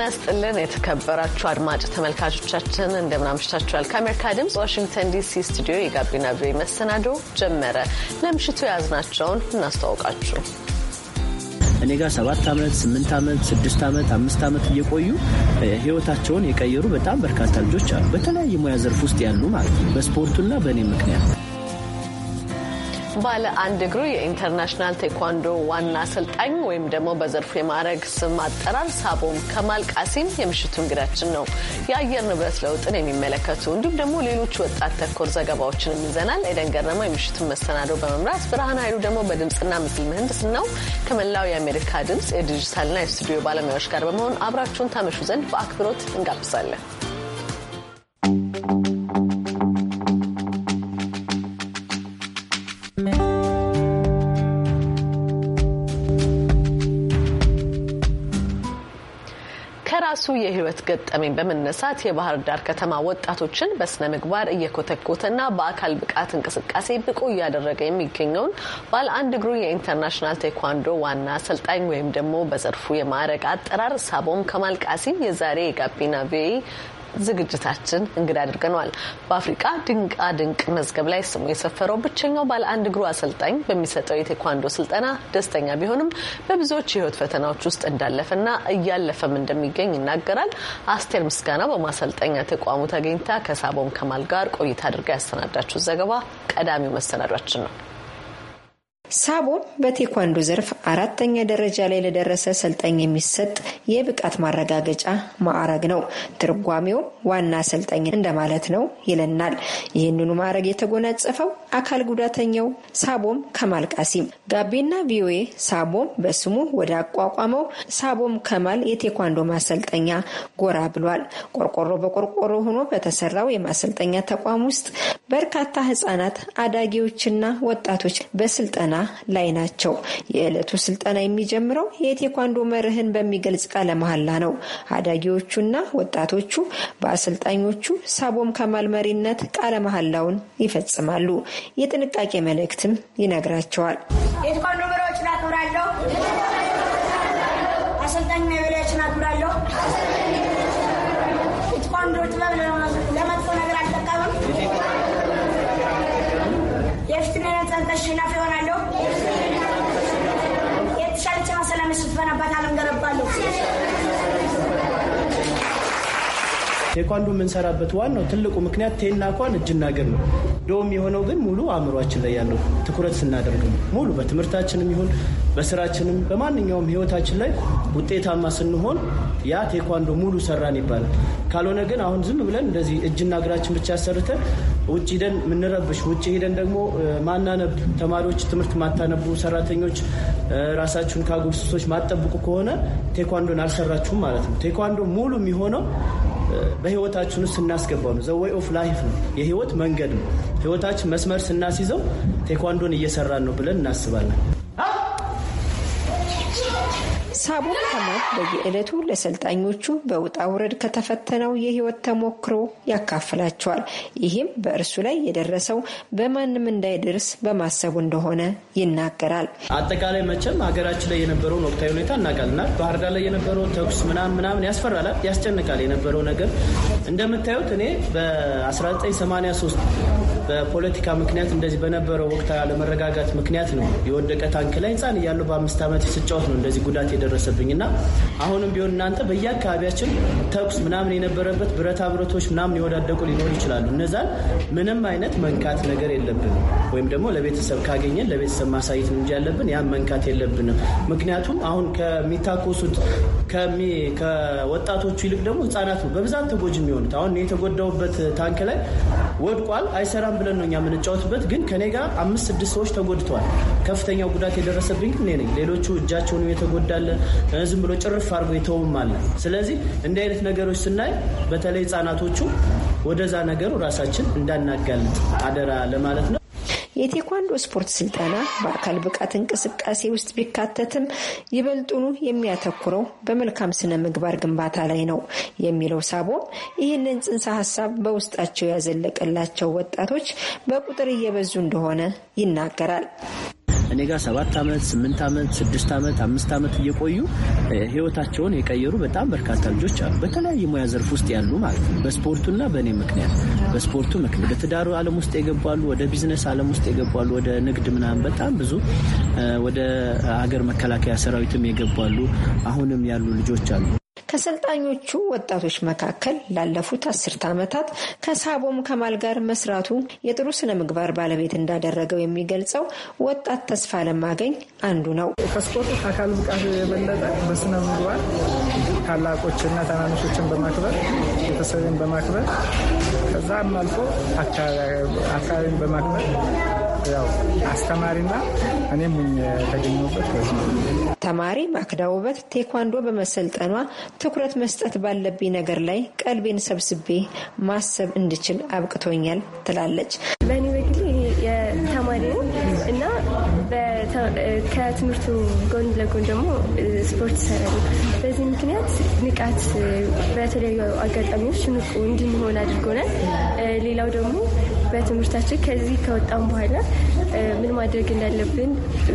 ጤና ስጥልን የተከበራችሁ አድማጭ ተመልካቾቻችን እንደምናምሽታችኋል። ከአሜሪካ ድምፅ ዋሽንግተን ዲሲ ስቱዲዮ የጋቢና ቪ መሰናዶ ጀመረ። ለምሽቱ የያዝናቸውን እናስተዋውቃችሁ። እኔ ጋር ሰባት ዓመት ስምንት ዓመት ስድስት ዓመት አምስት ዓመት እየቆዩ ህይወታቸውን የቀየሩ በጣም በርካታ ልጆች አሉ። በተለያየ ሙያ ዘርፍ ውስጥ ያሉ ማለት ነው። በስፖርቱና በእኔ ምክንያት ባለ አንድ እግሩ የኢንተርናሽናል ቴኳንዶ ዋና አሰልጣኝ ወይም ደግሞ በዘርፉ የማዕረግ ስም አጠራር ሳቦም ከማል ቃሲም የምሽቱ እንግዳችን ነው። የአየር ንብረት ለውጥን የሚመለከቱ እንዲሁም ደግሞ ሌሎች ወጣት ተኮር ዘገባዎችንም ይዘናል። ኤደን ገረማ የምሽቱን መሰናዶ በመምራት ብርሃን ኃይሉ ደግሞ በድምፅና ምስል ምህንድስ ነው ከመላው የአሜሪካ ድምፅ የዲጂታልና የስቱዲዮ ባለሙያዎች ጋር በመሆን አብራችሁን ታመሹ ዘንድ በአክብሮት እንጋብዛለን። የህይወት ገጠመኝ በመነሳት የባህር ዳር ከተማ ወጣቶችን በስነ ምግባር እየኮተኮተና በአካል ብቃት እንቅስቃሴ ብቁ እያደረገ የሚገኘውን ባለ አንድ እግሩ የኢንተርናሽናል ቴኳንዶ ዋና አሰልጣኝ ወይም ደግሞ በዘርፉ የማዕረግ አጠራር ሳቦም ከማልቃሲ የዛሬ የጋቢና ቪኦኤ ዝግጅታችን እንግዳ አድርገነዋል። በአፍሪቃ ድንቃ ድንቅ መዝገብ ላይ ስሙ የሰፈረው ብቸኛው ባለ አንድ እግሩ አሰልጣኝ በሚሰጠው የቴኳንዶ ስልጠና ደስተኛ ቢሆንም በብዙዎች የህይወት ፈተናዎች ውስጥ እንዳለፈና እያለፈም እንደሚገኝ ይናገራል። አስቴር ምስጋና በማሰልጠኛ ተቋሙ ተገኝታ ከሳቦም ከማል ጋር ቆይታ አድርጋ ያሰናዳችሁ ዘገባ ቀዳሚው መሰናዷችን ነው። ሳቦም በቴኳንዶ ዘርፍ አራተኛ ደረጃ ላይ ለደረሰ ሰልጣኝ የሚሰጥ የብቃት ማረጋገጫ ማዕረግ ነው። ትርጓሜውም ዋና አሰልጣኝ እንደማለት ነው ይለናል። ይህንኑ ማዕረግ የተጎናጸፈው አካል ጉዳተኛው ሳቦም ከማል ቃሲም ጋቢና ቪኦኤ ሳቦም በስሙ ወደ አቋቋመው ሳቦም ከማል የቴኳንዶ ማሰልጠኛ ጎራ ብሏል። ቆርቆሮ በቆርቆሮ ሆኖ በተሰራው የማሰልጠኛ ተቋም ውስጥ በርካታ ህጻናት፣ አዳጊዎችና ወጣቶች በስልጠና ላይ ናቸው። የዕለቱ ስልጠና የሚጀምረው የቴኳንዶ መርህን በሚገልጽ ቃለ መሐላ ነው። አዳጊዎቹና ወጣቶቹ በአሰልጣኞቹ ሳቦም ከማል መሪነት ቃለ መሐላውን ይፈጽማሉ። የጥንቃቄ መልእክትም ይነግራቸዋል። የቴኳንዶ መሪዎችን አክብራለሁ። አሰልጣኝ መሪዎችን አክብራለሁ። ጥበብ ለመጥፎ ነገር አልጠቀምም። የፊትን ቴኳንዶ የምንሰራበት ዋናው ትልቁ ምክንያት ቴና ኳን እጅና እግር ነው። ዶም የሆነው ግን ሙሉ አእምሯችን ላይ ያለው ትኩረት ስናደርግ ነው። ሙሉ በትምህርታችንም ይሁን በስራችንም በማንኛውም ህይወታችን ላይ ውጤታማ ስንሆን ያ ቴኳንዶ ሙሉ ሰራን ይባላል። ካልሆነ ግን አሁን ዝም ብለን እንደዚህ እጅና እግራችን ብቻ ሰርተን ውጭ ሂደን የምንረብሽ ውጭ ሂደን ደግሞ ማናነብ ተማሪዎች፣ ትምህርት ማታነቡ ሰራተኞች፣ ራሳችሁን ከአጉል ማጠብቁ ከሆነ ቴኳንዶን አልሰራችሁም ማለት ነው። ቴኳንዶ ሙሉ የሚሆነው በህይወታችን ውስጥ ስናስገባው ነው። ዘወይ ኦፍ ላይፍ ነው፣ የህይወት መንገድ ነው። ህይወታችን መስመር ስናስይዘው ቴኳንዶን እየሰራን ነው ብለን እናስባለን። ሳቡ ከማል በየዕለቱ ለሰልጣኞቹ በውጣ ውረድ ከተፈተነው የህይወት ተሞክሮ ያካፍላቸዋል። ይህም በእርሱ ላይ የደረሰው በማንም እንዳይደርስ በማሰቡ እንደሆነ ይናገራል። አጠቃላይ መቼም ሀገራችን ላይ የነበረውን ወቅታዊ ሁኔታ እናውቃልናል። ባህር ዳር ላይ የነበረው ተኩስ ምናምን ምናምን ያስፈራላል፣ ያስጨንቃል የነበረው ነገር እንደምታዩት እኔ በ1983 በፖለቲካ ምክንያት እንደዚህ በነበረው ወቅት አለመረጋጋት ምክንያት ነው የወደቀ ታንክ ላይ ህፃን እያሉ በአምስት ዓመት ስጫወት ነው እንደዚህ ጉዳት የደረሰብኝ እና አሁንም ቢሆን እናንተ በየአካባቢያችን ተኩስ ምናምን የነበረበት ብረታ ብረቶች ምናምን የወዳደቁ ሊኖሩ ይችላሉ። እነዛን ምንም አይነት መንካት ነገር የለብን ወይም ደግሞ ለቤተሰብ ካገኘን ለቤተሰብ ማሳየት እንጂ ያለብን ያን መንካት የለብንም። ምክንያቱም አሁን ከሚታኮሱት ከወጣቶቹ ይልቅ ደግሞ ህጻናት ነው በብዛት ተጎጅ የሚሆኑት። አሁን የተጎዳውበት ታንክ ላይ ወድቋል፣ አይሰራም ብለን ነው እኛ የምንጫወትበት። ግን ከኔ ጋር አምስት ስድስት ሰዎች ተጎድተዋል። ከፍተኛው ጉዳት የደረሰብኝ ግን እኔ ነኝ። ሌሎቹ እጃቸውን የተጎዳለ ዝም ብሎ ጭርፍ አድርጎ የተውም አለ። ስለዚህ እንዲህ አይነት ነገሮች ስናይ በተለይ ህጻናቶቹ ወደዛ ነገሩ ራሳችን እንዳናጋልጥ አደራ ለማለት ነው። የቴኳንዶ ስፖርት ስልጠና በአካል ብቃት እንቅስቃሴ ውስጥ ቢካተትም ይበልጡኑ የሚያተኩረው በመልካም ስነ ምግባር ግንባታ ላይ ነው የሚለው ሳቦ ይህንን ጽንሰ ሀሳብ በውስጣቸው ያዘለቀላቸው ወጣቶች በቁጥር እየበዙ እንደሆነ ይናገራል። እኔ ጋር ሰባት ዓመት ስምንት ዓመት ስድስት ዓመት አምስት ዓመት እየቆዩ ህይወታቸውን የቀየሩ በጣም በርካታ ልጆች አሉ። በተለያየ ሙያ ዘርፍ ውስጥ ያሉ ማለት ነው። በስፖርቱና በእኔ ምክንያት በስፖርቱ ምክንያት በትዳሩ ዓለም ውስጥ የገባሉ፣ ወደ ቢዝነስ ዓለም ውስጥ የገባሉ፣ ወደ ንግድ ምናምን በጣም ብዙ ወደ ሀገር መከላከያ ሰራዊትም የገባሉ አሁንም ያሉ ልጆች አሉ። ከሰልጣኞቹ ወጣቶች መካከል ላለፉት አስርተ ዓመታት ከሳቦም ከማል ጋር መስራቱ የጥሩ ስነ ምግባር ባለቤት እንዳደረገው የሚገልጸው ወጣት ተስፋ ለማገኝ አንዱ ነው። ከስፖርት ከአካል ብቃት የበለጠ በስነ ምግባር ታላቆችና ታናንሾችን በማክበር ቤተሰብን በማክበር ከዛም አልፎ አካባቢን በማክበር ያው አስተማሪና እኔም የተገኘበት ተማሪ ማክዳ ውበት ቴኳንዶ በመሰልጠኗ ትኩረት መስጠት ባለብኝ ነገር ላይ ቀልቤን ሰብስቤ ማሰብ እንድችል አብቅቶኛል ትላለች። በእኔ በግሌ የተማሪ ነው እና ከትምህርቱ ጎን ለጎን ደግሞ ስፖርት ይሰራል። በዚህ ምክንያት ንቃት በተለያዩ አጋጣሚዎች ንቁ እንድንሆን አድርጎናል። ሌላው ደግሞ በትምህርታችን ከዚህ ከወጣም በኋላ ምን ማድረግ እንዳለብን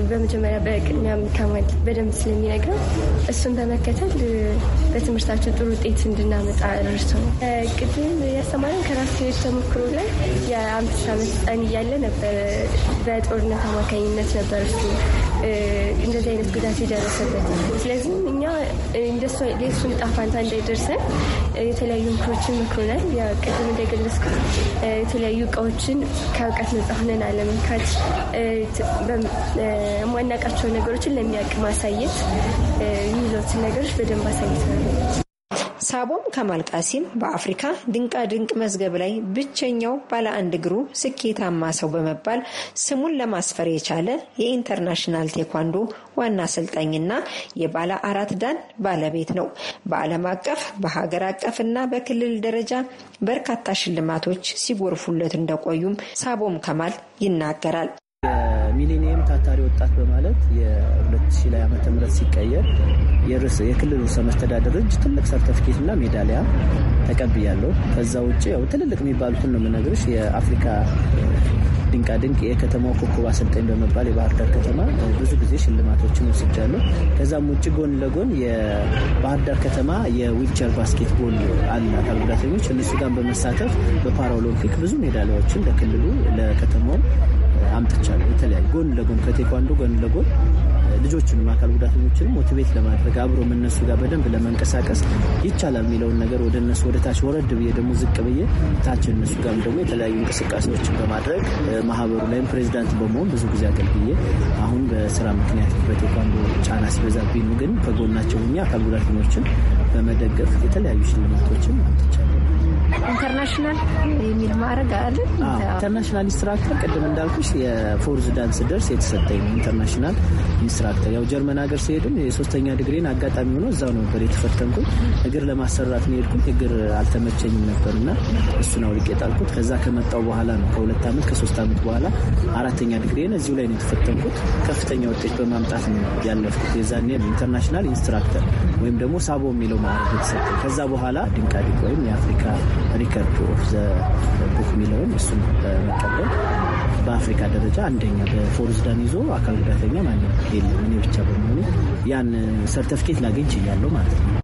በመጀመሪያ በቅድሚያ ከማድ በደንብ ስለሚነግረው እሱን በመከተል በትምህርታችን ጥሩ ውጤት እንድናመጣ ርሶ ነው። ቅድም ያስተማረን ከራስ ተሞክሮ ላይ የአምስት ዓመት ህፃን እያለ ነበረ። በጦርነት አማካኝነት ነበር እሱ እንደዚህ አይነት ጉዳት የደረሰበት። ስለዚህ እኛ የእሱ ዕጣ ፈንታ እንዳይደርሰን የተለያዩ ምክሮችን መክሮናል። ቅድም እንደገለጽኩት የተለያዩ እቃዎችን ከእውቀት ነጻ ሆነን አለመንካት፣ የማናውቃቸው ነገሮችን ለሚያውቅ ማሳየት የሚሉትን ነገሮች በደንብ አሳይተናል። ሳቦም ከማል ቃሲም በአፍሪካ ድንቃ ድንቅ መዝገብ ላይ ብቸኛው ባለ አንድ እግሩ ስኬታማ ሰው በመባል ስሙን ለማስፈር የቻለ የኢንተርናሽናል ቴኳንዶ ዋና አሰልጣኝና የባለ አራት ዳን ባለቤት ነው። በዓለም አቀፍ በሀገር አቀፍና በክልል ደረጃ በርካታ ሽልማቶች ሲጎርፉለት እንደቆዩም ሳቦም ከማል ይናገራል። የሚሊኒየም ታታሪ ወጣት በማለት የ2000 ላይ ዓመተ ምህረት ሲቀየር የክልል ርዕሰ መስተዳደር እጅ ትልቅ ሰርተፊኬትና ሜዳሊያ ተቀብያለሁ። ከዛ ውጭ ያው ትልልቅ የሚባሉትን ነው የምነግርሽ። የአፍሪካ ድንቃድንቅ የከተማው ኮከብ አሰልጣኝ በመባል የባህር ዳር ከተማ ብዙ ጊዜ ሽልማቶችን ወስጃለሁ። ከዛም ውጭ ጎን ለጎን የባህር ዳር ከተማ የዊልቸር ቦል አለ አካል ጉዳተኞች እነሱ ጋር በመሳተፍ በፓራኦሎምፒክ ብዙ ሜዳሊያዎችን ለክልሉ ለከተማው አምጥቻለሁ። የተለያዩ ጎን ለጎን ከቴኳንዶ ጎን ለጎን ልጆችንም አካል ጉዳተኞችን ሞቲቬት ለማድረግ አብሮ እነሱ ጋር በደንብ ለመንቀሳቀስ ይቻላል የሚለውን ነገር ወደ እነሱ ወደ ታች ወረድ ብዬ ደግሞ ዝቅ ብዬ ታች እነሱ ጋር ደግሞ የተለያዩ እንቅስቃሴዎችን በማድረግ ማህበሩ ላይም ፕሬዚዳንት በመሆን ብዙ ጊዜ አገልግዬ አሁን በስራ ምክንያት በቴኳንዶ ጫና ሲበዛብኝ ግን ከጎናቸው ሁኜ አካል ጉዳተኞችን በመደገፍ የተለያዩ ሽልማቶችን አምጥቻለሁ። ኢንተርናሽናል የሚል ማድረግ አለ። ኢንተርናሽናል ኢንስትራክተር ቅድም እንዳልኩሽ የፎርዝ ዳንስ ደርስ የተሰጠኝ ነው። ኢንተርናሽናል ኢንስትራክተር ያው ጀርመን ሀገር ሲሄድም የሶስተኛ ድግሬን አጋጣሚ ሆኖ እዛው ነበር የተፈተንኩኝ። እግር ለማሰራት ነው እግር አልተመቸኝም ነበር እና እሱን አውልቄ ጣልኩት። ከዛ ከመጣው በኋላ ነው ከሁለት ዓመት ከሶስት ዓመት በኋላ አራተኛ ድግሬን እዚሁ ላይ ነው የተፈተንኩት። ከፍተኛ ውጤት በማምጣት ነው ያለፍኩት። የዛኔ ኢንተርናሽናል ኢንስትራክተር ወይም ደግሞ ሳቦ የሚለው ማዕረግ የተሰጠኝ ከዛ በኋላ ድንቃድንቅ ወይም የአፍሪካ ሪከርድ ኦፍ ዘ ቡክ የሚለውን እሱን በመቀበል በአፍሪካ ደረጃ አንደኛ በፎርዝዳን ይዞ አካል ጉዳተኛ ማንም የለም እኔ ብቻ በመሆኑ ያን ሰርተፍኬት ላገኝ ችያለሁ ማለት ነው።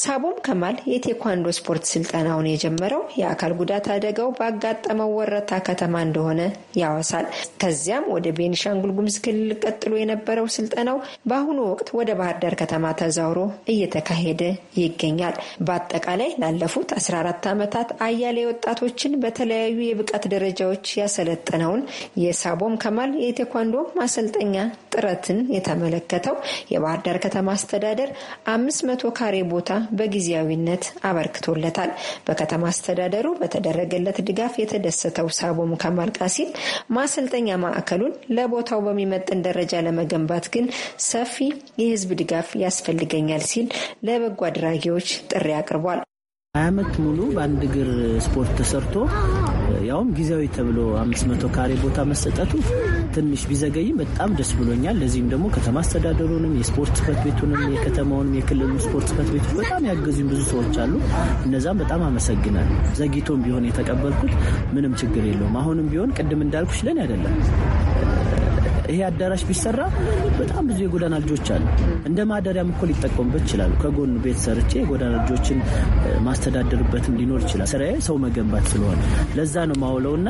ሳቦም ከማል የቴኳንዶ ስፖርት ስልጠናውን የጀመረው የአካል ጉዳት አደጋው ባጋጠመው ወረታ ከተማ እንደሆነ ያወሳል። ከዚያም ወደ ቤኒሻንጉል ጉምዝ ክልል ቀጥሎ የነበረው ስልጠናው በአሁኑ ወቅት ወደ ባህር ዳር ከተማ ተዛውሮ እየተካሄደ ይገኛል። በአጠቃላይ ላለፉት 14 ዓመታት አያሌ ወጣቶችን በተለያዩ የብቃት ደረጃዎች ያሰለጠነውን የሳቦም ከማል የቴኳንዶ ማሰልጠኛ ጥረትን የተመለከተው የባህር ዳር ከተማ አስተዳደር 5መቶ ካሬ ቦታ በጊዜያዊነት አበርክቶለታል። በከተማ አስተዳደሩ በተደረገለት ድጋፍ የተደሰተው ሳቦም ከማል ቃሲል ማሰልጠኛ ማዕከሉን ለቦታው በሚመጥን ደረጃ ለመገንባት ግን ሰፊ የህዝብ ድጋፍ ያስፈልገኛል ሲል ለበጎ አድራጊዎች ጥሪ አቅርቧል። ሀያ ዓመት ሙሉ በአንድ እግር ስፖርት ተሰርቶ ያውም ጊዜያዊ ተብሎ አምስት መቶ ካሬ ቦታ መሰጠቱ ትንሽ ቢዘገይም በጣም ደስ ብሎኛል። ለዚህም ደግሞ ከተማ አስተዳደሩንም የስፖርት ጽፈት ቤቱንም የከተማውንም የክልሉ ስፖርት ጽሕፈት ቤቶች በጣም ያገዙኝ ብዙ ሰዎች አሉ። እነዛም በጣም አመሰግናል ዘግይቶም ቢሆን የተቀበልኩት ምንም ችግር የለውም። አሁንም ቢሆን ቅድም እንዳልኩሽ ለኔ አይደለም ይሄ አዳራሽ ቢሰራ በጣም ብዙ የጎዳና ልጆች አሉ። እንደ ማደሪያም እኮ ሊጠቀሙበት ይችላሉ። ከጎኑ ቤት ሰርቼ የጎዳና ልጆችን ማስተዳደርበትም ሊኖር ይችላል። ስራዬ ሰው መገንባት ስለሆነ ለዛ ነው ማውለውና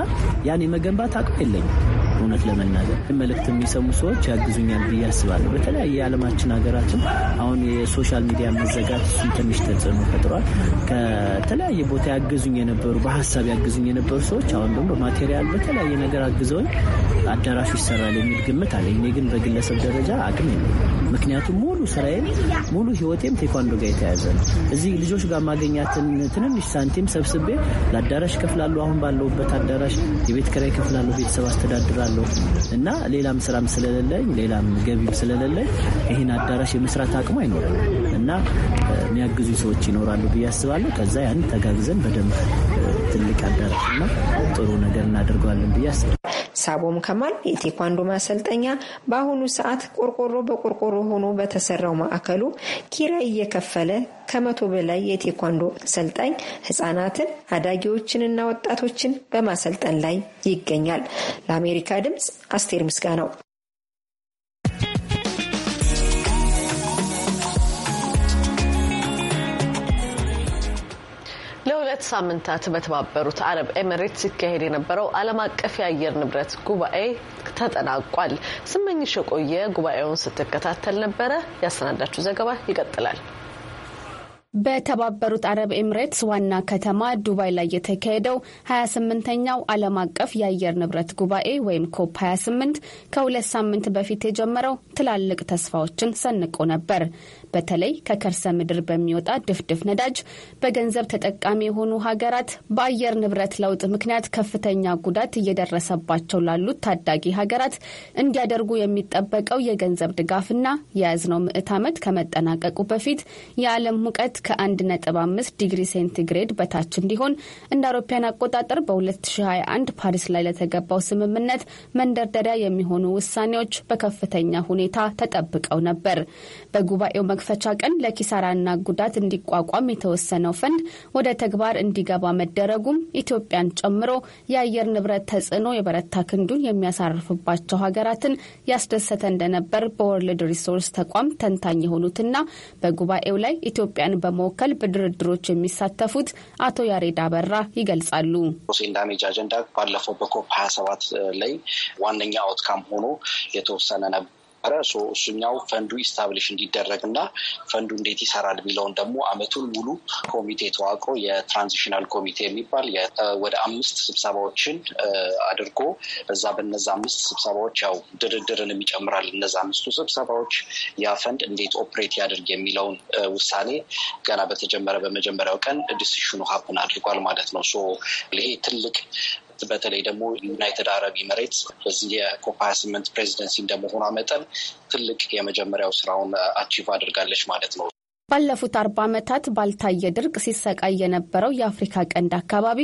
ያን የመገንባት አቅም የለኝም። እውነት ለመናገር መልእክት የሚሰሙ ሰዎች ያግዙኛል ብዬ አስባለሁ። በተለያየ የዓለማችን ሀገራትም አሁን የሶሻል ሚዲያ መዘጋት እሱን ትንሽ ተጽዕኖ ፈጥሯል። ከተለያየ ቦታ ያግዙኝ የነበሩ በሀሳብ ያግዙኝ የነበሩ ሰዎች አሁን ደግሞ በማቴሪያል በተለያየ ነገር አግዘውኝ አዳራሹ ይሰራል የሚል ግምት አለ። እኔ ግን በግለሰብ ደረጃ አቅም የለ። ምክንያቱም ሙሉ ስራዬም ሙሉ ህይወቴም ቴኳንዶ ጋር የተያዘ ነው። እዚህ ልጆች ጋር ማገኛትን ትንንሽ ሳንቲም ሰብስቤ ለአዳራሽ ከፍላሉ። አሁን ባለሁበት አዳራሽ የቤት ኪራይ ከፍላሉ፣ ቤተሰብ አስተዳድራል እችላለሁ እና ሌላም ስራም ስለሌለኝ ሌላም ገቢም ስለሌለኝ ይህን አዳራሽ የመስራት አቅሙ አይኖርም እና የሚያግዙ ሰዎች ይኖራሉ ብዬ አስባለሁ። ከዛ ያን ተጋግዘን በደንብ ትልቅ አዳራሽና ጥሩ ነገር እናደርገዋለን ብዬ አስባለሁ። ሳቦም ከማል የቴኳንዶ ማሰልጠኛ በአሁኑ ሰዓት ቆርቆሮ በቆርቆሮ ሆኖ በተሰራው ማዕከሉ ኪራይ እየከፈለ ከመቶ በላይ የቴኳንዶ ሰልጣኝ ህጻናትን፣ አዳጊዎችንና ወጣቶችን በማሰልጠን ላይ ይገኛል። ለአሜሪካ ድምፅ አስቴር ምስጋናው። ለሁለት ሳምንታት በተባበሩት አረብ ኤምሬትስ ሲካሄድ የነበረው ዓለም አቀፍ የአየር ንብረት ጉባኤ ተጠናቋል። ስመኝሽ የቆየ ጉባኤውን ስትከታተል ነበረ። ያሰናዳችሁ ዘገባ ይቀጥላል። በተባበሩት አረብ ኤምሬትስ ዋና ከተማ ዱባይ ላይ የተካሄደው 28ኛው ዓለም አቀፍ የአየር ንብረት ጉባኤ ወይም ኮፕ 28 ከሁለት ሳምንት በፊት የጀመረው ትላልቅ ተስፋዎችን ሰንቆ ነበር። በተለይ ከከርሰ ምድር በሚወጣ ድፍድፍ ነዳጅ በገንዘብ ተጠቃሚ የሆኑ ሀገራት በአየር ንብረት ለውጥ ምክንያት ከፍተኛ ጉዳት እየደረሰባቸው ላሉት ታዳጊ ሀገራት እንዲያደርጉ የሚጠበቀው የገንዘብ ድጋፍና የያዝነው ምዕት ዓመት ከመጠናቀቁ በፊት የዓለም ሙቀት ከ1.5 ዲግሪ ሴንቲግሬድ በታች እንዲሆን እንደ አውሮፓውያን አቆጣጠር በ2021 ፓሪስ ላይ ለተገባው ስምምነት መንደርደሪያ የሚሆኑ ውሳኔዎች በከፍተኛ ሁኔታ ተጠብቀው ነበር። በጉባኤው መክፈቻ ቀን ለኪሳራና ጉዳት እንዲቋቋም የተወሰነው ፈንድ ወደ ተግባር እንዲገባ መደረጉም ኢትዮጵያን ጨምሮ የአየር ንብረት ተጽዕኖ የበረታ ክንዱን የሚያሳርፍባቸው ሀገራትን ያስደሰተ እንደነበር በወርልድ ሪሶርስ ተቋም ተንታኝ የሆኑትና በጉባኤው ላይ ኢትዮጵያን በመወከል በድርድሮች የሚሳተፉት አቶ ያሬድ አበራ ይገልጻሉ። ሴን ዳሜጅ አጀንዳ ባለፈው በኮፕ 27 ላይ ዋነኛ አውትካም ሆኖ የተወሰነ ነበር። ነበረ። እሱኛው ፈንዱ ኢስታብሊሽ እንዲደረግ እና ፈንዱ እንዴት ይሰራል የሚለውን ደግሞ አመቱን ሙሉ ኮሚቴ ተዋቅሮ የትራንዚሽናል ኮሚቴ የሚባል ወደ አምስት ስብሰባዎችን አድርጎ እዛ በነዛ አምስት ስብሰባዎች ያው ድርድርን የሚጨምራል። እነዛ አምስቱ ስብሰባዎች ያ ፈንድ እንዴት ኦፕሬት ያደርግ የሚለውን ውሳኔ ገና በተጀመረ በመጀመሪያው ቀን ዲሲሽኑ ሀፕን አድርጓል ማለት ነው። ይሄ ትልቅ በተለይ ደግሞ ዩናይትድ አረብ ኢሚሬትስ በዚህ የኮፕ ሀያ ስምንት ፕሬዚደንሲ እንደመሆኗ መጠን ትልቅ የመጀመሪያው ስራውን አቺቭ አድርጋለች ማለት ነው። ባለፉት አርባ ዓመታት ባልታየ ድርቅ ሲሰቃይ የነበረው የአፍሪካ ቀንድ አካባቢ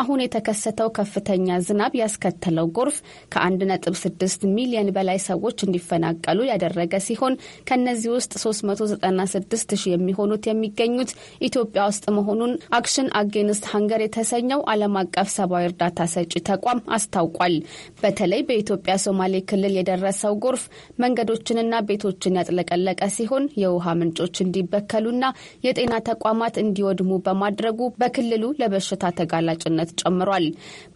አሁን የተከሰተው ከፍተኛ ዝናብ ያስከተለው ጎርፍ ከ1.6 ሚሊዮን በላይ ሰዎች እንዲፈናቀሉ ያደረገ ሲሆን ከእነዚህ ውስጥ 396 ሺህ የሚሆኑት የሚገኙት ኢትዮጵያ ውስጥ መሆኑን አክሽን አጌንስት ሀንገር የተሰኘው ዓለም አቀፍ ሰብአዊ እርዳታ ሰጪ ተቋም አስታውቋል። በተለይ በኢትዮጵያ ሶማሌ ክልል የደረሰው ጎርፍ መንገዶችንና ቤቶችን ያጥለቀለቀ ሲሆን የውሃ ምንጮች እንዲበ እንዲበከሉና የጤና ተቋማት እንዲወድሙ በማድረጉ በክልሉ ለበሽታ ተጋላጭነት ጨምሯል።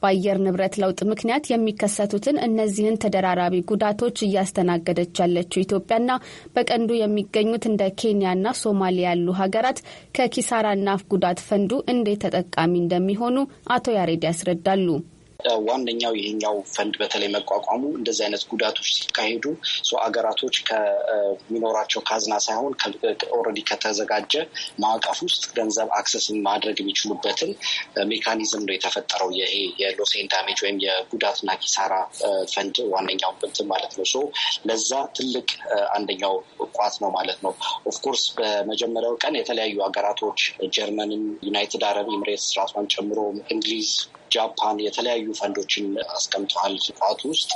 በአየር ንብረት ለውጥ ምክንያት የሚከሰቱትን እነዚህን ተደራራቢ ጉዳቶች እያስተናገደች ያለችው ኢትዮጵያና በቀንዱ የሚገኙት እንደ ኬንያና ሶማሊያ ያሉ ሀገራት ከኪሳራና ጉዳት ፈንዱ እንዴት ተጠቃሚ እንደሚሆኑ አቶ ያሬድ ያስረዳሉ። ዋነኛው ይሄኛው ፈንድ በተለይ መቋቋሙ እንደዚህ አይነት ጉዳቶች ሲካሄዱ አገራቶች ከሚኖራቸው ካዝና ሳይሆን ኦልሬዲ ከተዘጋጀ ማዕቀፍ ውስጥ ገንዘብ አክሰስ ማድረግ የሚችሉበትን ሜካኒዝም ነው የተፈጠረው። ይሄ የሎሴን ዳሜጅ ወይም የጉዳትና ኪሳራ ፈንድ ዋነኛው እንትን ማለት ነው። ለዛ ትልቅ አንደኛው ቋት ነው ማለት ነው። ኦፍኮርስ በመጀመሪያው ቀን የተለያዩ ሀገራቶች ጀርመንን፣ ዩናይትድ አረብ ኤምሬትስ ራሷን ጨምሮ እንግሊዝ ጃፓን የተለያዩ ፈንዶችን አስቀምጠዋል ቋት ውስጥ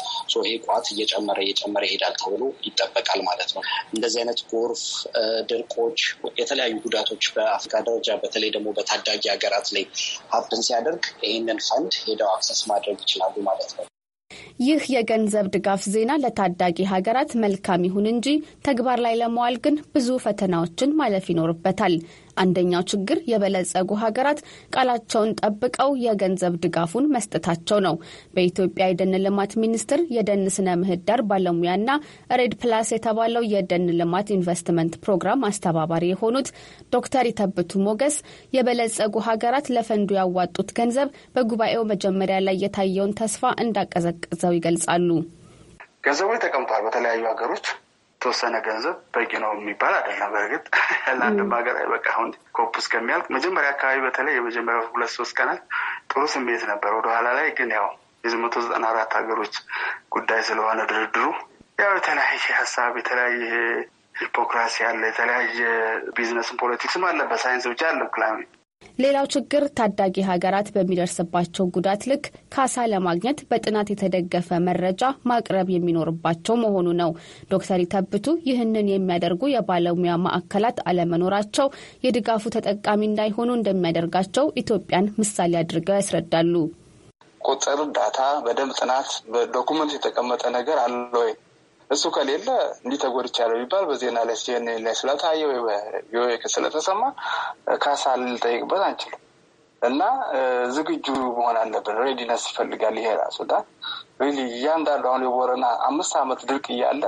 ይሄ ቋት እየጨመረ እየጨመረ ይሄዳል ተብሎ ይጠበቃል ማለት ነው። እንደዚህ አይነት ጎርፍ፣ ድርቆች፣ የተለያዩ ጉዳቶች በአፍሪካ ደረጃ በተለይ ደግሞ በታዳጊ ሀገራት ላይ ሀብትን ሲያደርግ ይህንን ፈንድ ሄደው አክሰስ ማድረግ ይችላሉ ማለት ነው። ይህ የገንዘብ ድጋፍ ዜና ለታዳጊ ሀገራት መልካም ይሁን እንጂ ተግባር ላይ ለመዋል ግን ብዙ ፈተናዎችን ማለፍ ይኖርበታል። አንደኛው ችግር የበለጸጉ ሀገራት ቃላቸውን ጠብቀው የገንዘብ ድጋፉን መስጠታቸው ነው። በኢትዮጵያ የደን ልማት ሚኒስቴር የደን ስነ ምህዳር ባለሙያና ሬድ ፕላስ የተባለው የደን ልማት ኢንቨስትመንት ፕሮግራም አስተባባሪ የሆኑት ዶክተር ይተብቱ ሞገስ የበለጸጉ ሀገራት ለፈንዱ ያዋጡት ገንዘብ በጉባኤው መጀመሪያ ላይ የታየውን ተስፋ እንዳቀዘቀዘው ይገልጻሉ። ገንዘቡ ተቀምጧል በተለያዩ ሀገሮች የተወሰነ ገንዘብ በቂ ነው የሚባል አይደለም። በእርግጥ ለአንድም ሀገር በቃ አሁን ኮፕ እስከሚያልቅ መጀመሪያ አካባቢ በተለይ የመጀመሪያ ሁለት ሶስት ቀናት ጥሩ ስሜት ነበር። ወደኋላ ላይ ግን ያው የዚህ መቶ ዘጠና አራት ሀገሮች ጉዳይ ስለሆነ ድርድሩ ያው የተለያየ ሀሳብ የተለያየ ሂፖክራሲ አለ። የተለያየ ቢዝነስን ፖለቲክስም አለበት። ሳይንስ ብቻ አለ ክላሚ ሌላው ችግር ታዳጊ ሀገራት በሚደርስባቸው ጉዳት ልክ ካሳ ለማግኘት በጥናት የተደገፈ መረጃ ማቅረብ የሚኖርባቸው መሆኑ ነው። ዶክተር ይተብቱ ይህንን የሚያደርጉ የባለሙያ ማዕከላት አለመኖራቸው የድጋፉ ተጠቃሚ እንዳይሆኑ እንደሚያደርጋቸው ኢትዮጵያን ምሳሌ አድርገው ያስረዳሉ። ቁጥር፣ ዳታ፣ በደንብ ጥናት በዶኩመንት የተቀመጠ ነገር አለ ወይ? እሱ ከሌለ እንዲህ ተጎድቻለሁ ቢባል በዜና ላይ ሲኤንኤን ላይ ስለታየ ወይ በቪኦኤ ስለተሰማ ካሳ ልንጠይቅበት አንችልም። እና ዝግጁ መሆን አለብን። ሬዲነስ ይፈልጋል። ይሄ ራሱ እያንዳንዱ አሁን የቦረና አምስት አመት ድርቅ እያለ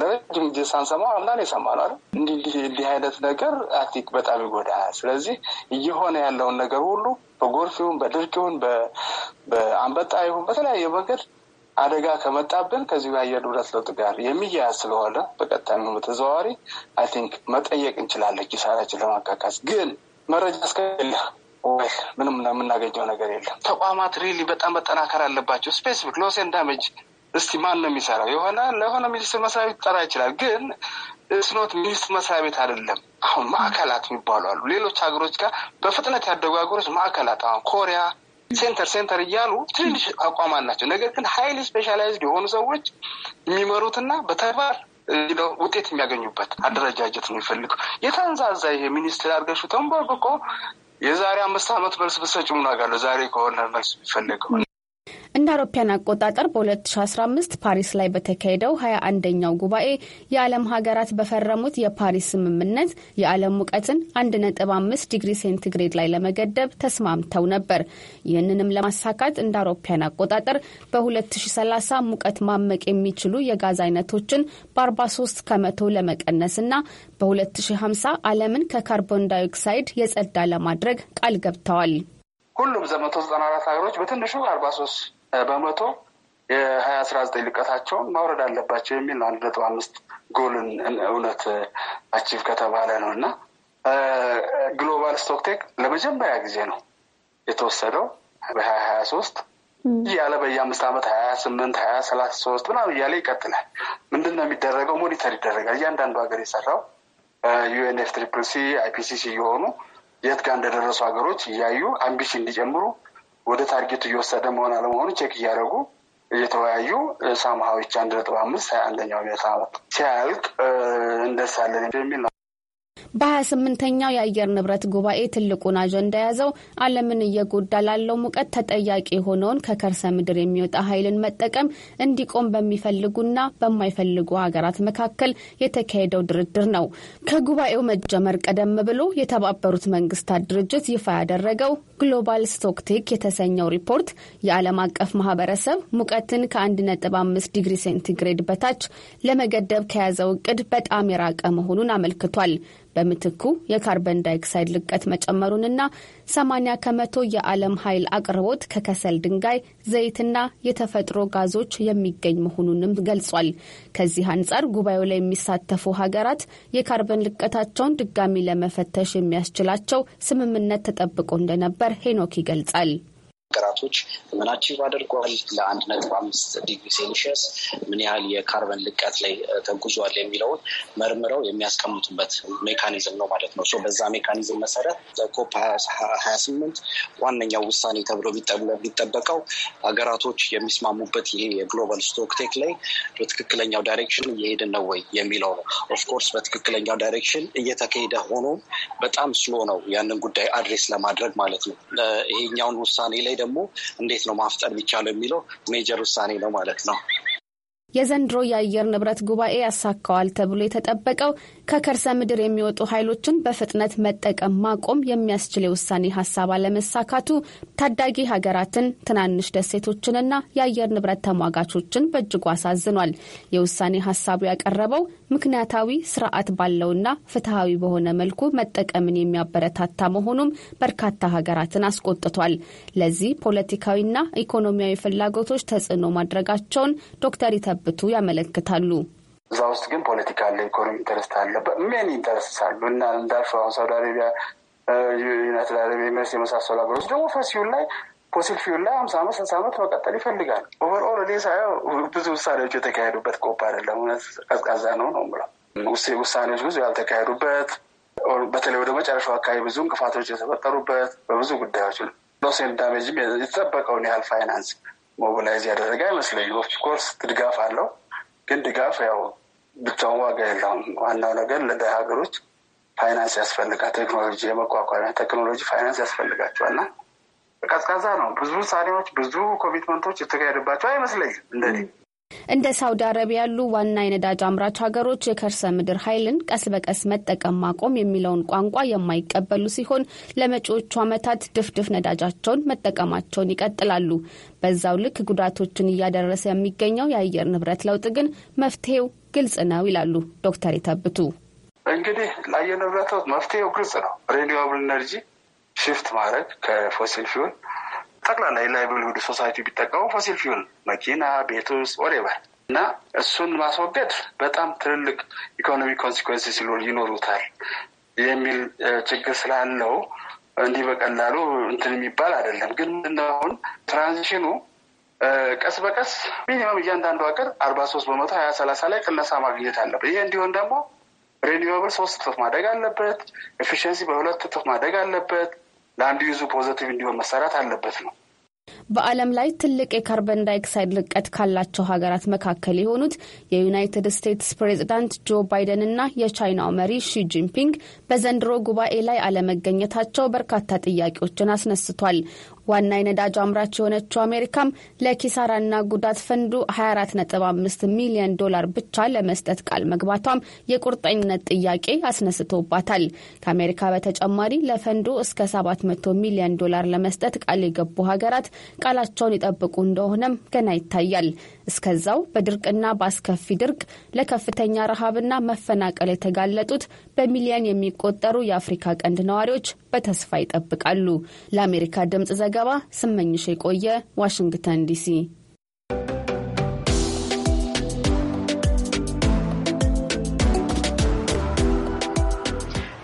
ለረጅም ጊዜ ሳንሰማ እና የሰማ ነው አይደል? እንዲህ እንዲህ አይነት ነገር አቲክ በጣም ይጎዳል። ስለዚህ እየሆነ ያለውን ነገር ሁሉ በጎርፍ ይሁን በድርቅ ይሁን በአንበጣ ይሁን በተለያየ መንገድ አደጋ ከመጣብን ከዚሁ የአየር ንብረት ለውጥ ጋር የሚያያዝ ስለሆነ በቀጥታም በተዘዋዋሪ አይ ቲንክ መጠየቅ እንችላለን። ኪሳራችን ለማካካስ ግን መረጃ እስከሌለ ወይ ምንም የምናገኘው ነገር የለም። ተቋማት ሪሊ በጣም መጠናከር አለባቸው። ስፔሲፊክ ሎስ ኤንድ ዳሜጅ እስቲ ማን ነው የሚሰራው? የሆነ ለሆነ ሚኒስትር መስሪያ ቤት ጠራ ይችላል፣ ግን እስኖት ሚኒስትር መስሪያ ቤት አይደለም። አሁን ማዕከላት የሚባሉ አሉ። ሌሎች ሀገሮች ጋር በፍጥነት ያደጉ ሀገሮች ማዕከላት አሁን ኮሪያ ሴንተር ሴንተር እያሉ ትንሽ አቋም አላቸው። ነገር ግን ሀይሊ ስፔሻላይዝድ የሆኑ ሰዎች የሚመሩትና በተግባር ውጤት የሚያገኙበት አደረጃጀት ነው የሚፈልገው። የተንዛዛ ይሄ ሚኒስትር አድርገሹ ተንበርክኮ የዛሬ አምስት ዓመት መልስ ብትሰጪ ምን ዋጋ አለው? ዛሬ ከሆነ መልስ የሚፈልገው እንደ አውሮፓያን አቆጣጠር በ2015 ፓሪስ ላይ በተካሄደው 21ኛው ጉባኤ የዓለም ሀገራት በፈረሙት የፓሪስ ስምምነት የዓለም ሙቀትን 1.5 ዲግሪ ሴንቲግሬድ ላይ ለመገደብ ተስማምተው ነበር። ይህንንም ለማሳካት እንደ አውሮፓያን አቆጣጠር በ2030 ሙቀት ማመቅ የሚችሉ የጋዝ አይነቶችን በ43 ከመቶ ለመቀነስ በ2050 ዓለምን ከካርቦን ዳይኦክሳይድ የጸዳ ለማድረግ ቃል ገብተዋል። ሁሉም ዘመቶ 94 ሀገሮች በትንሹ 43 በመቶ የሀያ አስራ ዘጠኝ ልቀታቸውን ማውረድ አለባቸው የሚል ነው። አንድ ነጥብ አምስት ጎልን እውነት አቺቭ ከተባለ ነው እና ግሎባል ስቶክቴክ ለመጀመሪያ ጊዜ ነው የተወሰደው በሀያ ሀያ ሶስት እያለ በየአምስት ዓመት ሀያ ስምንት ሀያ ሰላሳ ሶስት ምናምን እያለ ይቀጥላል። ምንድን ነው የሚደረገው? ሞኒተር ይደረጋል። እያንዳንዱ ሀገር የሰራው ዩኤንኤፍ ትሪፕል ሲ አይፒሲሲ የሆኑ የት ጋር እንደደረሱ ሀገሮች እያዩ አምቢሽን እንዲጨምሩ ወደ ታርጌት እየወሰደ መሆን አለመሆኑ ቼክ እያደረጉ እየተወያዩ ሳምሃዎች አንድ ነጥብ አምስት ሀያ አንደኛው ቤት ዓመት ሲያልቅ እንደሳለን የሚል ነው። በ28ኛው የአየር ንብረት ጉባኤ ትልቁን አጀንዳ የያዘው ዓለምን እየጎዳ ላለው ሙቀት ተጠያቂ የሆነውን ከከርሰ ምድር የሚወጣ ኃይልን መጠቀም እንዲቆም በሚፈልጉና በማይፈልጉ ሀገራት መካከል የተካሄደው ድርድር ነው። ከጉባኤው መጀመር ቀደም ብሎ የተባበሩት መንግስታት ድርጅት ይፋ ያደረገው ግሎባል ስቶክቴክ የተሰኘው ሪፖርት የዓለም አቀፍ ማህበረሰብ ሙቀትን ከ1.5 ዲግሪ ሴንቲግሬድ በታች ለመገደብ ከያዘው እቅድ በጣም የራቀ መሆኑን አመልክቷል። በምትኩ የካርበን ዳይኦክሳይድ ልቀት መጨመሩንና 80 ከመቶ የዓለም ኃይል አቅርቦት ከከሰል ድንጋይ፣ ዘይትና የተፈጥሮ ጋዞች የሚገኝ መሆኑንም ገልጿል። ከዚህ አንጻር ጉባኤው ላይ የሚሳተፉ ሀገራት የካርበን ልቀታቸውን ድጋሚ ለመፈተሽ የሚያስችላቸው ስምምነት ተጠብቆ እንደነበር ሄኖክ ይገልጻል። ሀገራቶች ምን አቺቭ አድርጓል፣ ለአንድ ነጥብ አምስት ዲግሪ ሴልሺየስ ምን ያህል የካርበን ልቀት ላይ ተጉዟል የሚለውን መርምረው የሚያስቀምጡበት ሜካኒዝም ነው ማለት ነው። በዛ ሜካኒዝም መሰረት ኮፕ ሀያ ስምንት ዋነኛው ውሳኔ ተብሎ የሚጠበቀው ሀገራቶች የሚስማሙበት ይሄ የግሎባል ስቶክቴክ ላይ በትክክለኛው ዳይሬክሽን እየሄድን ነው ወይ የሚለው ነው። ኦፍኮርስ በትክክለኛው ዳይሬክሽን እየተካሄደ ሆኖ በጣም ስሎ ነው ያንን ጉዳይ አድሬስ ለማድረግ ማለት ነው። ይሄኛውን ውሳኔ ላይ ደግሞ እንዴት ነው ማፍጠር ቢቻለው የሚለው ሜጀር ውሳኔ ነው ማለት ነው። የዘንድሮ የአየር ንብረት ጉባኤ ያሳካዋል ተብሎ የተጠበቀው ከከርሰ ምድር የሚወጡ ኃይሎችን በፍጥነት መጠቀም ማቆም የሚያስችል የውሳኔ ሀሳብ አለመሳካቱ ታዳጊ ሀገራትን፣ ትናንሽ ደሴቶችንና የአየር ንብረት ተሟጋቾችን በእጅጉ አሳዝኗል። የውሳኔ ሀሳቡ ያቀረበው ምክንያታዊ ስርዓት ባለውና ፍትሐዊ በሆነ መልኩ መጠቀምን የሚያበረታታ መሆኑም በርካታ ሀገራትን አስቆጥቷል። ለዚህ ፖለቲካዊና ኢኮኖሚያዊ ፍላጎቶች ተጽዕኖ ማድረጋቸውን ዶክተር ይተብቱ ያመለክታሉ። እዛ ውስጥ ግን ፖለቲካ አለ፣ ኢኮኖሚ ኢንተረስት አለ፣ ሜን ኢንተረስት አሉ እና እንዳልሽው አሁን ሳውዲ አረቢያ፣ ዩናይትድ አረብ ኤምሬትስ የመሳሰሉ ሀገሮች ደግሞ ፈሲዩን ላይ ፎሲል ፊውል ላይ ሀምሳ አመት ስልሳ አመት መቀጠል ይፈልጋል። ኦቨርኦል እኔ ሳየው ብዙ ውሳኔዎች የተካሄዱበት ኮፕ አይደለም። እውነት ቀዝቃዛ ነው ነው ብለው ውሳኔዎች ብዙ ያልተካሄዱበት በተለይ ወደ መጨረሻው አካባቢ ብዙ እንቅፋቶች የተፈጠሩበት በብዙ ጉዳዮች ነው። ሎስ ዳሜጅም የተጠበቀውን ያህል ፋይናንስ ሞቢላይዝ ያደረገ አይመስለኝ። ኦፍኮርስ ድጋፍ አለው ግን ድጋፍ ያው ብቻውን ዋጋ የለውም። ዋናው ነገር ለድሃ ሀገሮች ፋይናንስ ያስፈልጋል። ቴክኖሎጂ የመቋቋሚያ ቴክኖሎጂ ፋይናንስ ያስፈልጋቸዋል ቀዝቃዛ ነው። ብዙ ሳኔዎች ብዙ ኮሚትመንቶች የተካሄደባቸው አይመስለኝም እንደዚህ እንደ ሳውዲ አረቢያ ያሉ ዋና የነዳጅ አምራች ሀገሮች የከርሰ ምድር ኃይልን ቀስ በቀስ መጠቀም ማቆም የሚለውን ቋንቋ የማይቀበሉ ሲሆን ለመጪዎቹ ዓመታት ድፍድፍ ነዳጃቸውን መጠቀማቸውን ይቀጥላሉ። በዛው ልክ ጉዳቶችን እያደረሰ የሚገኘው የአየር ንብረት ለውጥ ግን መፍትሄው ግልጽ ነው ይላሉ ዶክተር የተብቱ። እንግዲህ ለአየር ንብረት ለውጥ መፍትሄው ግልጽ ነው። ሬኒዋብል ኤነርጂ ሽፍት ማድረግ ከፎሲል ፊውል ጠቅላላ የላይቭሊሁድ ሶሳይቲ ቢጠቀሙ ፎሲል ፊውል መኪና፣ ቤት ውስጥ ወደባል እና እሱን ማስወገድ በጣም ትልልቅ ኢኮኖሚ ኮንሲኮንስ ይኖሩታል የሚል ችግር ስላለው እንዲህ በቀላሉ እንትን የሚባል አይደለም። ግን ምንደሁን ትራንዚሽኑ ቀስ በቀስ ሚኒመም እያንዳንዱ ሀገር አርባ ሶስት በመቶ ሀያ ሰላሳ ላይ ቅነሳ ማግኘት አለበት። ይሄ እንዲሆን ደግሞ ሬኒዌብል ሶስት እጥፍ ማደግ አለበት። ኤፊሽንሲ በሁለት እጥፍ ማደግ አለበት። ለአንዱ ይዙ ፖዘቲቭ እንዲሆን መሰራት አለበት ነው። በዓለም ላይ ትልቅ የካርበን ዳይኦክሳይድ ልቀት ካላቸው ሀገራት መካከል የሆኑት የዩናይትድ ስቴትስ ፕሬዝዳንት ጆ ባይደን ና የቻይናው መሪ ሺጂንፒንግ በዘንድሮ ጉባኤ ላይ አለመገኘታቸው በርካታ ጥያቄዎችን አስነስቷል። ዋና የነዳጅ አምራች የሆነችው አሜሪካም ለኪሳራና ጉዳት ፈንዱ 245 ሚሊዮን ዶላር ብቻ ለመስጠት ቃል መግባቷም የቁርጠኝነት ጥያቄ አስነስቶባታል። ከአሜሪካ በተጨማሪ ለፈንዱ እስከ 700 ሚሊዮን ዶላር ለመስጠት ቃል የገቡ ሀገራት ቃላቸውን ይጠብቁ እንደሆነም ገና ይታያል። እስከዛው በድርቅና በአስከፊ ድርቅ ለከፍተኛ ረሃብና መፈናቀል የተጋለጡት በሚሊዮን የሚቆጠሩ የአፍሪካ ቀንድ ነዋሪዎች በተስፋ ይጠብቃሉ። ለአሜሪካ ድምጽ ዘ ዘገባ ስመኝሽ የቆየ ዋሽንግተን ዲሲ።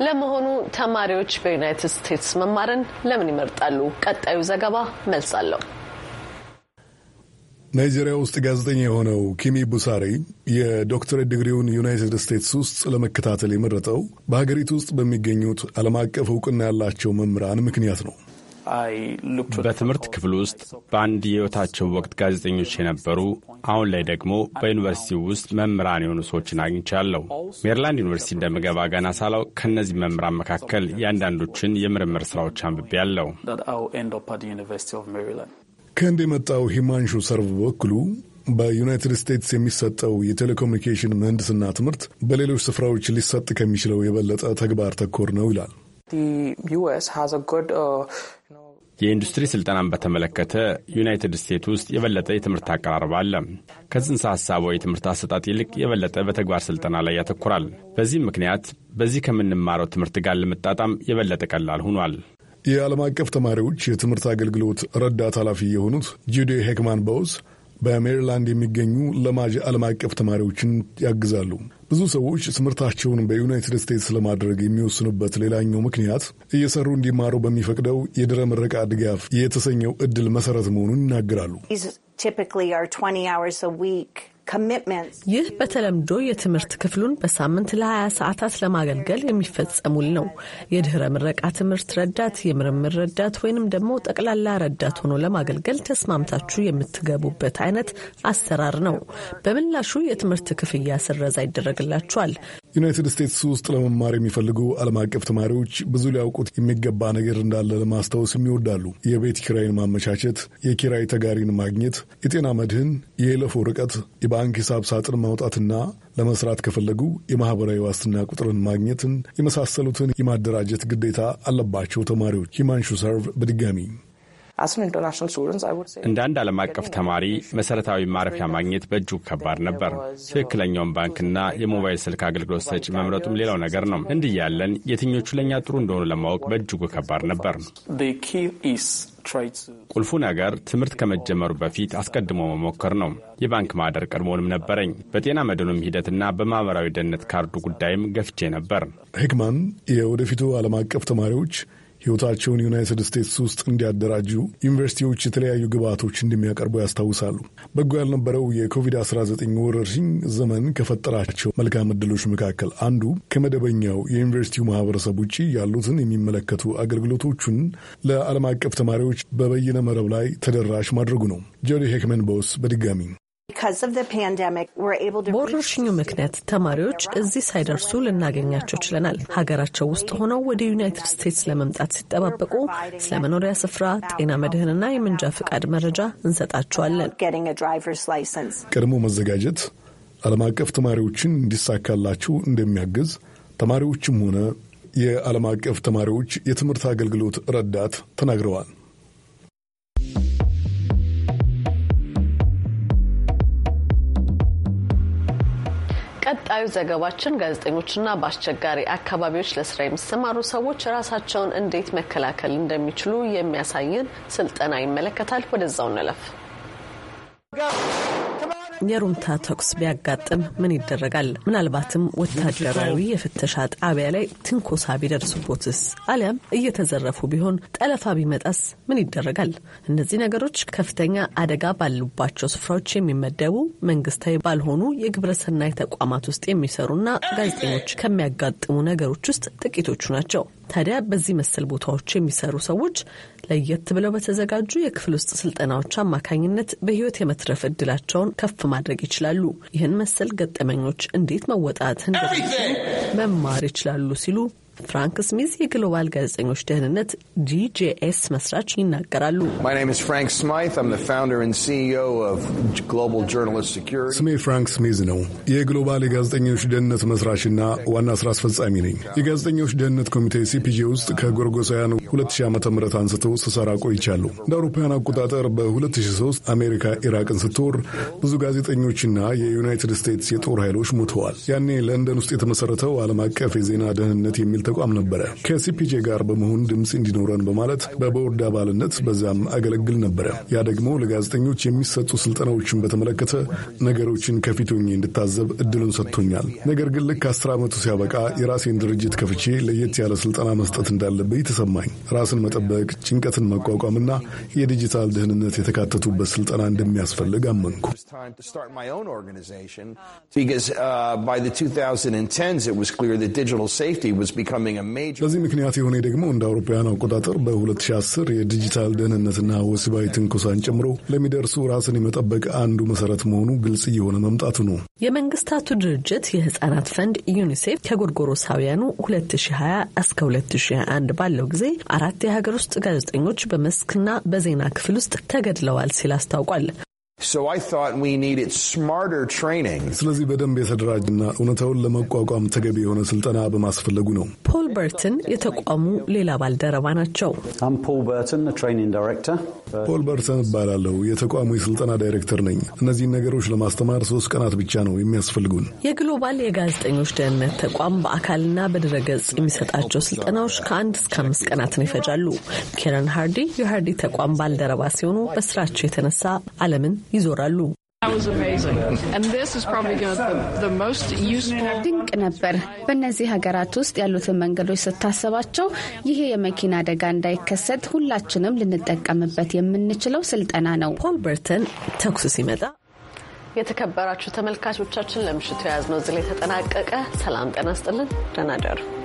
ለመሆኑ ተማሪዎች በዩናይትድ ስቴትስ መማርን ለምን ይመርጣሉ? ቀጣዩ ዘገባ መልስ አለው። ናይጄሪያ ውስጥ ጋዜጠኛ የሆነው ኪሚ ቡሳሬ የዶክትሬት ዲግሪውን ዩናይትድ ስቴትስ ውስጥ ለመከታተል የመረጠው በሀገሪቱ ውስጥ በሚገኙት ዓለም አቀፍ እውቅና ያላቸው መምህራን ምክንያት ነው። በትምህርት ክፍል ውስጥ በአንድ የሕይወታቸው ወቅት ጋዜጠኞች የነበሩ አሁን ላይ ደግሞ በዩኒቨርሲቲ ውስጥ መምህራን የሆኑ ሰዎችን አግኝቻለሁ። ሜሪላንድ ዩኒቨርሲቲ እንደምገባ ገና ሳላውቅ ከእነዚህ መምህራን መካከል የአንዳንዶችን የምርምር ስራዎች አንብቤያለሁ። ከህንድ የመጣው ሂማንሹ ሰርቭ በበኩሉ በዩናይትድ ስቴትስ የሚሰጠው የቴሌኮሙኒኬሽን ምህንድስና ትምህርት በሌሎች ስፍራዎች ሊሰጥ ከሚችለው የበለጠ ተግባር ተኮር ነው ይላል። የኢንዱስትሪ ስልጠናን በተመለከተ ዩናይትድ ስቴትስ ውስጥ የበለጠ የትምህርት አቀራረብ አለ። ከጽንሰ ሐሳባዊ የትምህርት አሰጣጥ ይልቅ የበለጠ በተግባር ስልጠና ላይ ያተኩራል። በዚህም ምክንያት በዚህ ከምንማረው ትምህርት ጋር ለመጣጣም የበለጠ ቀላል ሆኗል። የዓለም አቀፍ ተማሪዎች የትምህርት አገልግሎት ረዳት ኃላፊ የሆኑት ጁዲ ሄክማን በውስ በሜሪላንድ የሚገኙ ለማጅ ዓለም አቀፍ ተማሪዎችን ያግዛሉ። ብዙ ሰዎች ትምህርታቸውን በዩናይትድ ስቴትስ ለማድረግ የሚወስኑበት ሌላኛው ምክንያት እየሰሩ እንዲማሩ በሚፈቅደው የድረ ምረቃ ድጋፍ የተሰኘው እድል መሰረት መሆኑን ይናገራሉ። ይህ በተለምዶ የትምህርት ክፍሉን በሳምንት ለ20 ሰዓታት ለማገልገል የሚፈጸሙል ነው። የድኅረ ምረቃ ትምህርት ረዳት፣ የምርምር ረዳት ወይንም ደግሞ ጠቅላላ ረዳት ሆኖ ለማገልገል ተስማምታችሁ የምትገቡበት አይነት አሰራር ነው። በምላሹ የትምህርት ክፍያ ስረዛ ይደረግላችኋል። ዩናይትድ ስቴትስ ውስጥ ለመማር የሚፈልጉ ዓለም አቀፍ ተማሪዎች ብዙ ሊያውቁት የሚገባ ነገር እንዳለ ለማስታወስ ይወዳሉ። የቤት ኪራይን ማመቻቸት፣ የኪራይ ተጋሪን ማግኘት፣ የጤና መድህን፣ ርቀት፣ ወረቀት፣ ከባንክ ሂሳብ ሳጥን ማውጣትና ለመስራት ከፈለጉ የማህበራዊ ዋስትና ቁጥርን ማግኘትን የመሳሰሉትን የማደራጀት ግዴታ አለባቸው ተማሪዎች። ሂማንሹ ሰርቭ በድጋሚ እንደ አንድ ዓለም አቀፍ ተማሪ መሠረታዊ ማረፊያ ማግኘት በእጅጉ ከባድ ነበር። ትክክለኛውን ባንክና የሞባይል ስልክ አገልግሎት ሰጪ መምረጡም ሌላው ነገር ነው። እንዲህ ያለን የትኞቹ ለእኛ ጥሩ እንደሆኑ ለማወቅ በእጅጉ ከባድ ነበር። ቁልፉ ነገር ትምህርት ከመጀመሩ በፊት አስቀድሞ መሞከር ነው። የባንክ ማህደር ቀድሞውንም ነበረኝ። በጤና መድኑም ሂደትና በማህበራዊ ደህንነት ካርዱ ጉዳይም ገፍቼ ነበር። ሄክማን የወደፊቱ ዓለም አቀፍ ተማሪዎች ህይወታቸውን ዩናይትድ ስቴትስ ውስጥ እንዲያደራጁ ዩኒቨርሲቲዎች የተለያዩ ግብዓቶች እንደሚያቀርቡ ያስታውሳሉ። በጎ ያልነበረው የኮቪድ-19 ወረርሽኝ ዘመን ከፈጠራቸው መልካም እድሎች መካከል አንዱ ከመደበኛው የዩኒቨርሲቲው ማህበረሰብ ውጭ ያሉትን የሚመለከቱ አገልግሎቶቹን ለዓለም አቀፍ ተማሪዎች በበይነ መረብ ላይ ተደራሽ ማድረጉ ነው። ጆዲ ሄክመን ቦስ በድጋሚ በወረርሽኙ ምክንያት ተማሪዎች እዚህ ሳይደርሱ ልናገኛቸው ችለናል። ሀገራቸው ውስጥ ሆነው ወደ ዩናይትድ ስቴትስ ለመምጣት ሲጠባበቁ ስለ መኖሪያ ስፍራ፣ ጤና መድህንና የምንጃ ፈቃድ መረጃ እንሰጣቸዋለን። ቀድሞ መዘጋጀት ዓለም አቀፍ ተማሪዎችን እንዲሳካላቸው እንደሚያግዝ ተማሪዎችም ሆነ የዓለም አቀፍ ተማሪዎች የትምህርት አገልግሎት ረዳት ተናግረዋል። ቀጣዩ ዘገባችን ጋዜጠኞችና በአስቸጋሪ አካባቢዎች ለስራ የሚሰማሩ ሰዎች ራሳቸውን እንዴት መከላከል እንደሚችሉ የሚያሳየን ስልጠና ይመለከታል። ወደዛው እንለፍ። የሩምታ ተኩስ ቢያጋጥም ምን ይደረጋል? ምናልባትም ወታደራዊ የፍተሻ ጣቢያ ላይ ትንኮሳ ቢደርሱቦትስ? አሊያም እየተዘረፉ ቢሆን ጠለፋ ቢመጣስ ምን ይደረጋል? እነዚህ ነገሮች ከፍተኛ አደጋ ባሉባቸው ስፍራዎች የሚመደቡ መንግስታዊ ባልሆኑ የግብረ ሰናይ ተቋማት ውስጥ የሚሰሩና ጋዜጠኞች ከሚያጋጥሙ ነገሮች ውስጥ ጥቂቶቹ ናቸው። ታዲያ በዚህ መሰል ቦታዎች የሚሰሩ ሰዎች ለየት ብለው በተዘጋጁ የክፍል ውስጥ ስልጠናዎች አማካኝነት በህይወት የመትረፍ እድላቸውን ከፍ ማድረግ ይችላሉ። ይህን መሰል ገጠመኞች እንዴት መወጣት መማር ይችላሉ ሲሉ ፍራንክ ስሚዝ የግሎባል ጋዜጠኞች ደህንነት ጂጄኤስ መስራች ይናገራሉ። e ስሜ ፍራንክ ስሚዝ ነው። የግሎባል የጋዜጠኞች ደህንነት መስራችና ዋና ስራ አስፈጻሚ ነኝ። የጋዜጠኞች ደህንነት ኮሚቴ ሲፒጄ ውስጥ ከጎርጎሳውያኑ 2000 ዓ ም አንስቶ ስሰራ ቆይቻለሁ። እንደ አውሮፓውያን አቆጣጠር በ2003 አሜሪካ ኢራቅን ስትወር ብዙ ጋዜጠኞችና የዩናይትድ ስቴትስ የጦር ኃይሎች ሞተዋል። ያኔ ለንደን ውስጥ የተመሠረተው ዓለም አቀፍ የዜና ደህንነት የሚል ተቋም ነበረ። ከሲፒጄ ጋር በመሆን ድምፅ እንዲኖረን በማለት በቦርድ አባልነት በዚያም አገለግል ነበረ። ያ ደግሞ ለጋዜጠኞች የሚሰጡ ስልጠናዎችን በተመለከተ ነገሮችን ከፊት እንድታዘብ እድሉን ሰጥቶኛል። ነገር ግን ልክ አስር ዓመቱ ሲያበቃ የራሴን ድርጅት ከፍቼ ለየት ያለ ስልጠና መስጠት እንዳለብኝ ተሰማኝ። ራስን መጠበቅ፣ ጭንቀትን መቋቋምና የዲጂታል ደህንነት የተካተቱበት ስልጠና እንደሚያስፈልግ አመንኩ። Because uh, ለዚህ ምክንያት የሆነ ደግሞ እንደ አውሮፓውያን አቆጣጠር በ2010 የዲጂታል ደህንነትና ወሲባዊ ትንኮሳን ጨምሮ ለሚደርሱ ራስን የመጠበቅ አንዱ መሰረት መሆኑ ግልጽ እየሆነ መምጣቱ ነው። የመንግስታቱ ድርጅት የህጻናት ፈንድ ዩኒሴፍ ከጎርጎሮሳውያኑ 2020 እስከ 2021 ባለው ጊዜ አራት የሀገር ውስጥ ጋዜጠኞች በመስክና በዜና ክፍል ውስጥ ተገድለዋል ሲል አስታውቋል። ስለዚህ በደንብ የተደራጀና እውነታውን ለመቋቋም ተገቢ የሆነ ስልጠና በማስፈለጉ ነው። ፖል በርትን የተቋሙ ሌላ ባልደረባ ናቸው። ፖል በርተን እባላለሁ። የተቋሙ የስልጠና ዳይሬክተር ነኝ። እነዚህን ነገሮች ለማስተማር ሶስት ቀናት ብቻ ነው የሚያስፈልጉን። የግሎባል የጋዜጠኞች ደህንነት ተቋም በአካልና በድረገጽ የሚሰጣቸው ስልጠናዎች ከአንድ እስከ አምስት ቀናትን ይፈጃሉ። ኬረን ሃርዲ የሃርዲ ተቋም ባልደረባ ሲሆኑ በስራቸው የተነሳ ዓለምን ይዞራሉ። ድንቅ ነበር። በእነዚህ ሀገራት ውስጥ ያሉትን መንገዶች ስታስባቸው ይሄ የመኪና አደጋ እንዳይከሰት ሁላችንም ልንጠቀምበት የምንችለው ስልጠና ነው። ፖል በርተን ተኩስ ሲመጣ የተከበራችሁ ተመልካቾቻችን ለምሽቱ የያዝነው እዚህ ላይ ተጠናቀቀ። ሰላም ጤና ስጥልን። ደህና ደሩ።